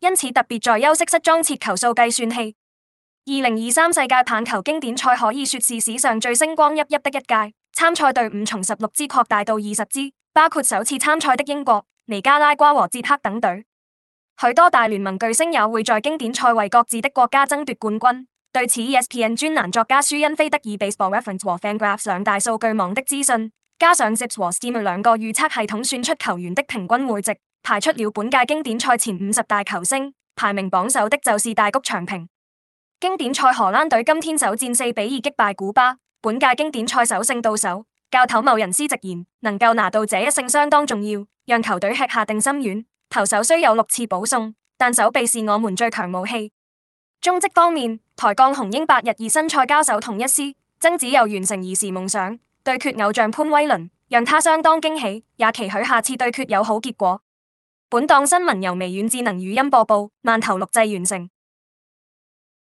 因此，特別在休息室裝設球數計算器。二零二三世界棒球經典賽可以說是史上最星光熠熠的一屆，參賽隊伍從十六支擴大到二十支，包括首次參賽的英國、尼加拉瓜和捷克等隊。許多大聯盟巨星也會在經典賽為各自的國家爭奪冠軍。對此，ESPN 專欄作家舒恩菲德以 Baseball Reference 和 FanGraphs 兩大數據網的資訊，加上 ZiPS 和 Steamer 兩個預測系統，算出球員的平均 WAR 值。排出了本屆經典賽前五十大球星，排名榜首的就是大谷翔平。經典賽荷蘭隊今天首戰四比二擊敗古巴，本屆經典賽首勝到手。教頭某人師直言，能夠拿到這一勝相當重要，讓球隊吃下定心丸。投手雖有六次保送，但手臂是我們最強武器。中職方面，台鋼雄鷹八日二新賽交手同一師曾子祐完成兒時夢想對決偶像潘威倫，讓他相當驚喜，也期許下次對決有好結果。本檔新聞由微軟智能語音播報，萬頭錄製完成。